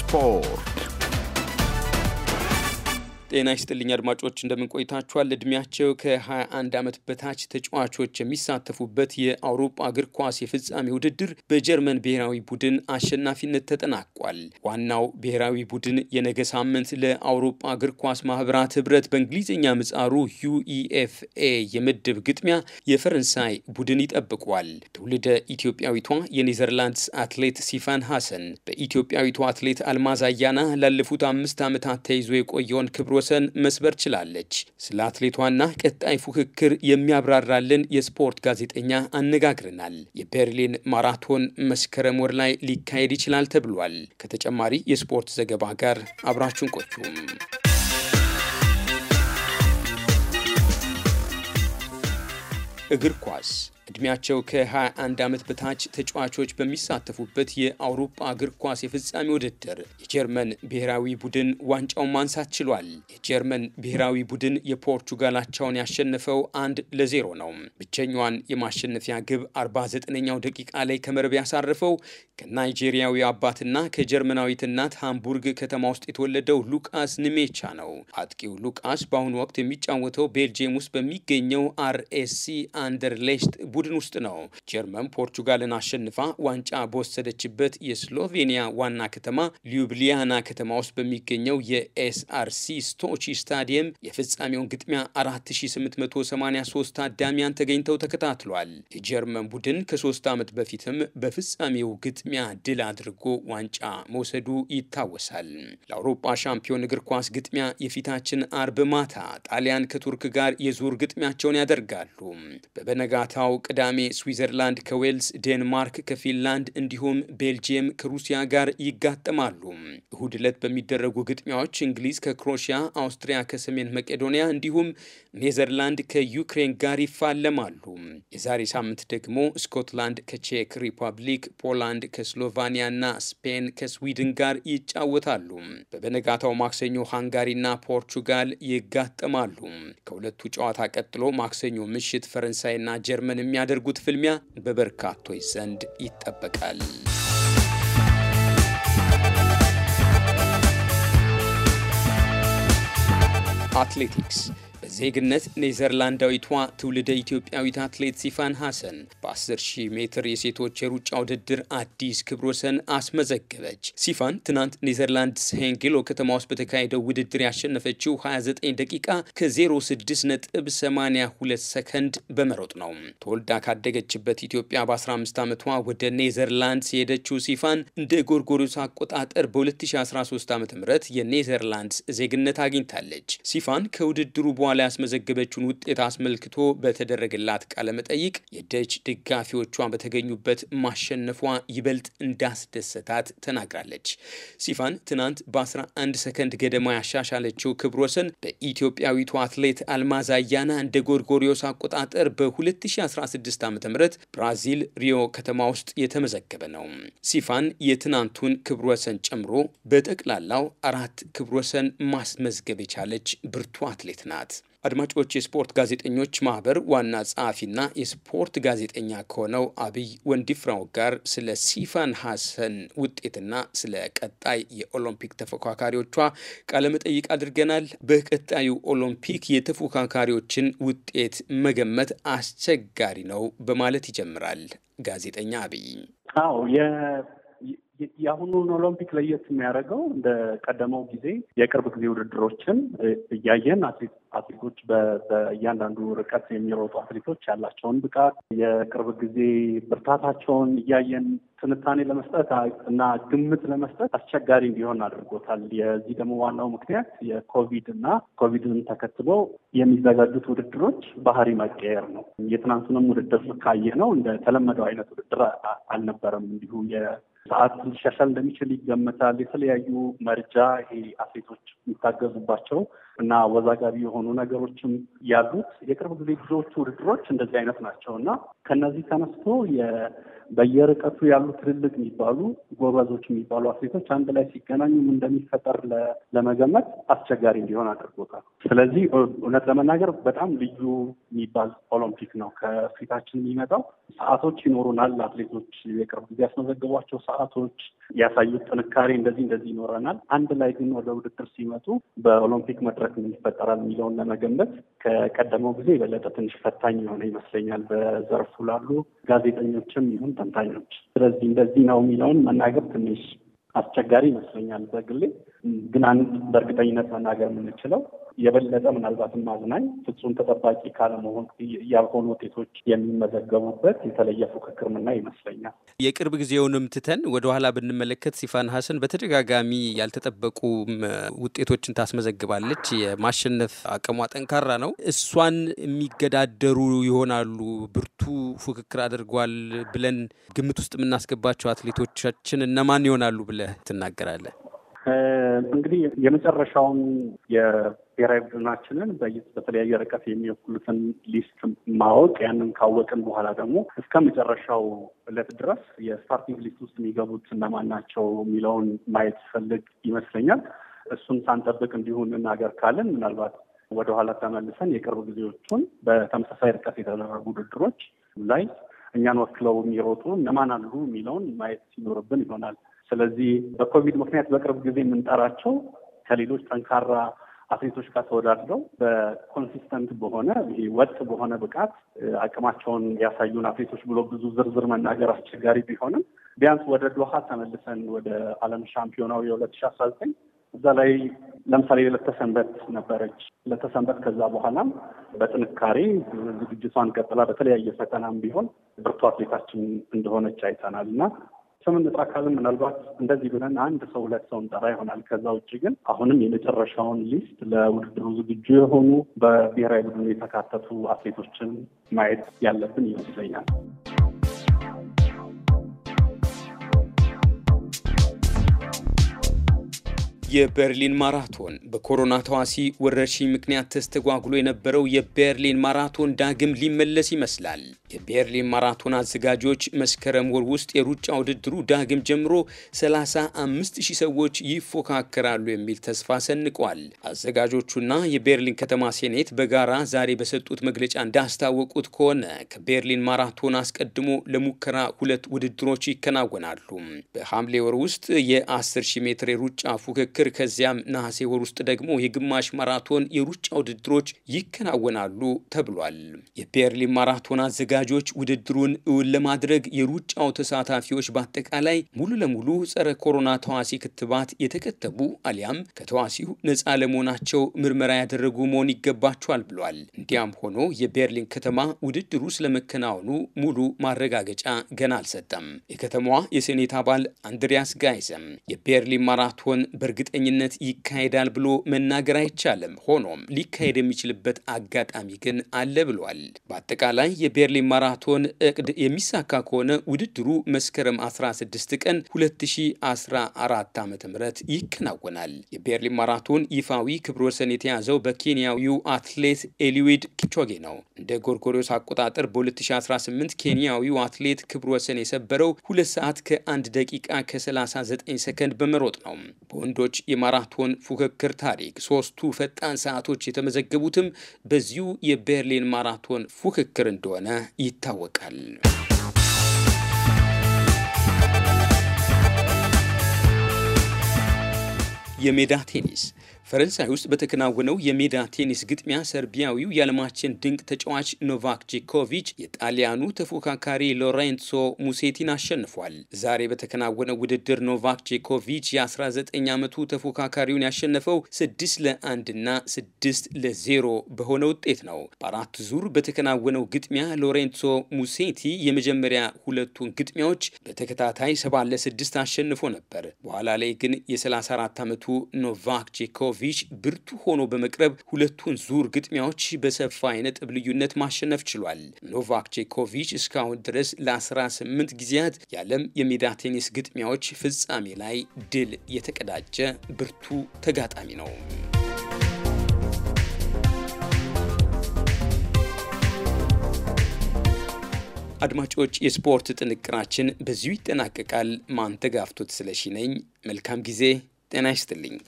spor. ጤና ይስጥልኝ አድማጮች፣ እንደምንቆይታችኋል። እድሜያቸው ከ21 ዓመት በታች ተጫዋቾች የሚሳተፉበት የአውሮፓ እግር ኳስ የፍጻሜ ውድድር በጀርመን ብሔራዊ ቡድን አሸናፊነት ተጠናቋል። ዋናው ብሔራዊ ቡድን የነገ ሳምንት ለአውሮፓ እግር ኳስ ማህበራት ህብረት በእንግሊዝኛ ምጻሩ ዩኢኤፍኤ የምድብ ግጥሚያ የፈረንሳይ ቡድን ይጠብቋል። ትውልደ ኢትዮጵያዊቷ የኔዘርላንድስ አትሌት ሲፋን ሐሰን በኢትዮጵያዊቷ አትሌት አልማዝ አያና ላለፉት አምስት ዓመታት ተይዞ የቆየውን ክብረ ወሰን መስበር ችላለች። ስለ አትሌቷና ቀጣይ ፉክክር የሚያብራራልን የስፖርት ጋዜጠኛ አነጋግረናል። የበርሊን ማራቶን መስከረም ወር ላይ ሊካሄድ ይችላል ተብሏል። ከተጨማሪ የስፖርት ዘገባ ጋር አብራችሁን ቆዩም። እግር ኳስ እድሜያቸው ከ21 ዓመት በታች ተጫዋቾች በሚሳተፉበት የአውሮፓ እግር ኳስ የፍጻሜ ውድድር የጀርመን ብሔራዊ ቡድን ዋንጫውን ማንሳት ችሏል። የጀርመን ብሔራዊ ቡድን የፖርቹጋላቸውን ያሸነፈው አንድ ለዜሮ ነው። ብቸኛዋን የማሸነፊያ ግብ 49ኛው ደቂቃ ላይ ከመረብ ያሳረፈው ከናይጄሪያዊ አባትና ከጀርመናዊት እናት ሃምቡርግ ከተማ ውስጥ የተወለደው ሉቃስ ንሜቻ ነው። አጥቂው ሉቃስ በአሁኑ ወቅት የሚጫወተው ቤልጅየም ውስጥ በሚገኘው አርኤስሲ አንደርሌሽት ቡድን ውስጥ ነው። ጀርመን ፖርቹጋልን አሸንፋ ዋንጫ በወሰደችበት የስሎቬኒያ ዋና ከተማ ሊዩብሊያና ከተማ ውስጥ በሚገኘው የኤስአርሲ ስቶቺ ስታዲየም የፍጻሜውን ግጥሚያ 4883 ታዳሚያን ተገኝተው ተከታትሏል። የጀርመን ቡድን ከሶስት ዓመት በፊትም በፍጻሜው ግጥሚያ ድል አድርጎ ዋንጫ መውሰዱ ይታወሳል። ለአውሮፓ ሻምፒዮን እግር ኳስ ግጥሚያ የፊታችን አርብ ማታ ጣሊያን ከቱርክ ጋር የዙር ግጥሚያቸውን ያደርጋሉ። በበነጋታው ቅዳሜ ስዊዘርላንድ ከዌልስ፣ ዴንማርክ ከፊንላንድ እንዲሁም ቤልጅየም ከሩሲያ ጋር ይጋጠማሉ። እሁድ ዕለት በሚደረጉ ግጥሚያዎች እንግሊዝ ከክሮሺያ፣ አውስትሪያ ከሰሜን መቄዶንያ እንዲሁም ኔዘርላንድ ከዩክሬን ጋር ይፋለማሉ። የዛሬ ሳምንት ደግሞ ስኮትላንድ ከቼክ ሪፐብሊክ፣ ፖላንድ ከስሎቫኒያና ስፔን ከስዊድን ጋር ይጫወታሉ። በበነጋታው ማክሰኞ ሃንጋሪና ፖርቹጋል ይጋጠማሉ። ከሁለቱ ጨዋታ ቀጥሎ ማክሰኞ ምሽት ፈረንሳይና ጀርመን የሚያደርጉት ፍልሚያ በበርካቶች ዘንድ ይጠበቃል። አትሌቲክስ ዜግነት ኔዘርላንዳዊቷ ትውልደ ኢትዮጵያዊት አትሌት ሲፋን ሐሰን በ10,000 ሜትር የሴቶች የሩጫ ውድድር አዲስ ክብረ ወሰን አስመዘገበች። ሲፋን ትናንት ኔዘርላንድስ ሄንጌሎ ከተማ ውስጥ በተካሄደው ውድድር ያሸነፈችው 29 ደቂቃ ከ06.82 ሰከንድ በመሮጥ ነው። ተወልዳ ካደገችበት ኢትዮጵያ በ15 ዓመቷ ወደ ኔዘርላንድስ የሄደችው ሲፋን እንደ ጎርጎሮስ አቆጣጠር በ2013 ዓ ም የኔዘርላንድስ ዜግነት አግኝታለች። ሲፋን ከውድድሩ በኋላ ያስመዘገበችውን ውጤት አስመልክቶ በተደረገላት ቃለ መጠይቅ የደች ደጋፊዎቿ በተገኙበት ማሸነፏ ይበልጥ እንዳስደሰታት ተናግራለች። ሲፋን ትናንት በ11 ሰከንድ ገደማ ያሻሻለችው ክብረ ወሰን በኢትዮጵያዊቱ አትሌት አልማዝ አያና እንደ ጎርጎሪዮስ አቆጣጠር በ2016 ዓ ም ብራዚል ሪዮ ከተማ ውስጥ የተመዘገበ ነው። ሲፋን የትናንቱን ክብረ ወሰን ጨምሮ በጠቅላላው አራት ክብረ ወሰን ማስመዝገብ የቻለች ብርቱ አትሌት ናት። አድማጮች፣ የስፖርት ጋዜጠኞች ማህበር ዋና ጸሐፊና የስፖርት ጋዜጠኛ ከሆነው አብይ ወንድይፍራው ጋር ስለ ሲፋን ሐሰን ውጤትና ስለ ቀጣይ የኦሎምፒክ ተፎካካሪዎቿ ቃለመጠይቅ አድርገናል። በቀጣዩ ኦሎምፒክ የተፎካካሪዎችን ውጤት መገመት አስቸጋሪ ነው በማለት ይጀምራል ጋዜጠኛ አብይ። አዎ የአሁኑን ኦሎምፒክ ለየት የሚያደርገው እንደ ቀደመው ጊዜ የቅርብ ጊዜ ውድድሮችን እያየን አትሌቶች በእያንዳንዱ ርቀት የሚሮጡ አትሌቶች ያላቸውን ብቃት፣ የቅርብ ጊዜ ብርታታቸውን እያየን ትንታኔ ለመስጠት እና ግምት ለመስጠት አስቸጋሪ እንዲሆን አድርጎታል። የዚህ ደግሞ ዋናው ምክንያት የኮቪድ እና ኮቪድን ተከትሎ የሚዘጋጁት ውድድሮች ባህሪ መቀየር ነው። የትናንቱንም ውድድር ካየ ነው እንደተለመደው አይነት ውድድር አልነበረም እንዲሁ ሰዓት ሊሻሻል እንደሚችል ይገመታል። የተለያዩ መርጃ ይሄ አትሌቶች የሚታገዙባቸው እና አወዛጋቢ የሆኑ ነገሮችም ያሉት የቅርብ ጊዜ ብዙዎቹ ውድድሮች እንደዚህ አይነት ናቸው እና ከነዚህ ተነስቶ በየርቀቱ ያሉ ትልልቅ የሚባሉ ጎበዞች የሚባሉ አትሌቶች አንድ ላይ ሲገናኙም እንደሚፈጠር ለመገመት አስቸጋሪ እንዲሆን አድርጎታል። ስለዚህ እውነት ለመናገር በጣም ልዩ የሚባል ኦሎምፒክ ነው ከፊታችን የሚመጣው። ሰዓቶች ይኖሩናል። አትሌቶች የቅርብ ጊዜ ያስመዘግቧቸው ሰዓቶች ያሳዩት ጥንካሬ እንደዚህ እንደዚህ ይኖረናል። አንድ ላይ ግን ወደ ውድድር ሲመጡ በኦሎምፒክ መ እጥረት ምን ይፈጠራል የሚለውን ለመገመት ከቀደመው ጊዜ የበለጠ ትንሽ ፈታኝ የሆነ ይመስለኛል፣ በዘርፉ ላሉ ጋዜጠኞችም ይሁን ተንታኞች። ስለዚህ እንደዚህ ነው የሚለውን መናገር ትንሽ አስቸጋሪ ይመስለኛል በግሌ። ግን አንድ በእርግጠኝነት መናገር የምንችለው የበለጠ ምናልባትም አዝናኝ ፍጹም ተጠባቂ ካለመሆን ያልሆኑ ውጤቶች የሚመዘገቡበት የተለየ ፉክክር ምና ይመስለኛል። የቅርብ ጊዜውንም ትተን ወደኋላ ብንመለከት ሲፋን ሀሰን በተደጋጋሚ ያልተጠበቁ ውጤቶችን ታስመዘግባለች። የማሸነፍ አቅሟ ጠንካራ ነው። እሷን የሚገዳደሩ ይሆናሉ ብርቱ ፉክክር አድርጓል ብለን ግምት ውስጥ የምናስገባቸው አትሌቶቻችን እነማን ይሆናሉ ብለን ብለህ ትናገራለህ? እንግዲህ የመጨረሻውን የብሔራዊ ቡድናችንን በተለያየ ርቀት የሚወክሉትን ሊስት ማወቅ ያንን ካወቅን በኋላ ደግሞ እስከ መጨረሻው እለት ድረስ የስታርቲንግ ሊስት ውስጥ የሚገቡት እነማን ናቸው የሚለውን ማየት ፈልግ ይመስለኛል። እሱን ሳንጠብቅ እንዲሁ እንናገር ካለን ምናልባት ወደኋላ ተመልሰን የቅርብ ጊዜዎቹን በተመሳሳይ ርቀት የተደረጉ ውድድሮች ላይ እኛን ወክለው የሚሮጡ እነማን አሉ የሚለውን ማየት ሲኖርብን ይሆናል። ስለዚህ በኮቪድ ምክንያት በቅርብ ጊዜ የምንጠራቸው ከሌሎች ጠንካራ አትሌቶች ጋር ተወዳድረው በኮንሲስተንት በሆነ ወጥ በሆነ ብቃት አቅማቸውን ያሳዩን አትሌቶች ብሎ ብዙ ዝርዝር መናገር አስቸጋሪ ቢሆንም ቢያንስ ወደ ዶሃ ተመልሰን ወደ ዓለም ሻምፒዮናው የሁለት ሺ አስራ ዘጠኝ እዛ ላይ ለምሳሌ ለተሰንበት ነበረች። ለተሰንበት ከዛ በኋላም በጥንካሬ ዝግጅቷን ቀጥላ በተለያየ ፈተናም ቢሆን ብርቱ አትሌታችን እንደሆነች አይተናል እና ስምንት ንጥረ አካልን ምናልባት እንደዚህ ብለን አንድ ሰው ሁለት ሰው እንጠራ ይሆናል። ከዛ ውጭ ግን አሁንም የመጨረሻውን ሊስት ለውድድሩ ዝግጁ የሆኑ በብሔራዊ ቡድኑ የተካተቱ አትሌቶችን ማየት ያለብን ይመስለኛል። የበርሊን ማራቶን በኮሮና ተዋሲ ወረርሽኝ ምክንያት ተስተጓጉሎ የነበረው የበርሊን ማራቶን ዳግም ሊመለስ ይመስላል። የበርሊን ማራቶን አዘጋጆች መስከረም ወር ውስጥ የሩጫ ውድድሩ ዳግም ጀምሮ 35000 ሰዎች ይፎካከራሉ የሚል ተስፋ ሰንቋል። አዘጋጆቹና የቤርሊን ከተማ ሴኔት በጋራ ዛሬ በሰጡት መግለጫ እንዳስታወቁት ከሆነ ከቤርሊን ማራቶን አስቀድሞ ለሙከራ ሁለት ውድድሮች ይከናወናሉ። በሐምሌ ወር ውስጥ የ10 ሜትር የሩጫ ፉክክር ፉክክር ከዚያም ነሐሴ ወር ውስጥ ደግሞ የግማሽ ማራቶን የሩጫ ውድድሮች ይከናወናሉ ተብሏል። የቤርሊን ማራቶን አዘጋጆች ውድድሩን እውን ለማድረግ የሩጫው ተሳታፊዎች በአጠቃላይ ሙሉ ለሙሉ ጸረ ኮሮና ተዋሲ ክትባት የተከተቡ አሊያም ከተዋሲው ነፃ ለመሆናቸው ምርመራ ያደረጉ መሆን ይገባቸዋል ብሏል። እንዲያም ሆኖ የቤርሊን ከተማ ውድድሩ ስለመከናወኑ ሙሉ ማረጋገጫ ገና አልሰጠም። የከተማዋ የሴኔት አባል አንድሪያስ ጋይዘም የቤርሊን ማራቶን በእርግጥ በእርግጠኝነት ይካሄዳል ብሎ መናገር አይቻልም። ሆኖም ሊካሄድ የሚችልበት አጋጣሚ ግን አለ ብሏል። በአጠቃላይ የቤርሊን ማራቶን እቅድ የሚሳካ ከሆነ ውድድሩ መስከረም 16 ቀን 2014 ዓ ም ይከናወናል። የቤርሊን ማራቶን ይፋዊ ክብረ ወሰን የተያዘው በኬንያዊው አትሌት ኤሊዌድ ኪቾጌ ነው። እንደ ጎርጎሪዮስ አቆጣጠር በ2018 ኬንያዊው አትሌት ክብረ ወሰን የሰበረው 2 ሰዓት ከ1 ደቂቃ ከ39 ሰከንድ በመሮጥ ነው። በወንዶች የማራቶን ፉክክር ታሪክ ሶስቱ ፈጣን ሰዓቶች የተመዘገቡትም በዚሁ የቤርሊን ማራቶን ፉክክር እንደሆነ ይታወቃል። የሜዳ ቴኒስ ፈረንሳይ ውስጥ በተከናወነው የሜዳ ቴኒስ ግጥሚያ ሰርቢያዊው የዓለማችን ድንቅ ተጫዋች ኖቫክ ጆኮቪች የጣሊያኑ ተፎካካሪ ሎሬንሶ ሙሴቲን አሸንፏል። ዛሬ በተከናወነው ውድድር ኖቫክ ጆኮቪች የ19 ዓመቱ ተፎካካሪውን ያሸነፈው 6 ለ1 እና 6 ለ0 በሆነ ውጤት ነው። በአራት ዙር በተከናወነው ግጥሚያ ሎሬንሶ ሙሴቲ የመጀመሪያ ሁለቱን ግጥሚያዎች በተከታታይ 7 ለ6 አሸንፎ ነበር። በኋላ ላይ ግን የ34 ዓመቱ ኖቫክ ጆኮቪች ዮኮቪች ብርቱ ሆኖ በመቅረብ ሁለቱን ዙር ግጥሚያዎች በሰፋ የነጥብ ልዩነት ማሸነፍ ችሏል። ኖቫክ ጄኮቪች እስካሁን ድረስ ለ18 ጊዜያት የዓለም የሜዳ ቴኒስ ግጥሚያዎች ፍጻሜ ላይ ድል የተቀዳጀ ብርቱ ተጋጣሚ ነው። አድማጮች፣ የስፖርት ጥንቅራችን በዚሁ ይጠናቀቃል። ማንተጋፍቶት ስለሺ ነኝ። መልካም ጊዜ። ጤና ይስጥልኝ።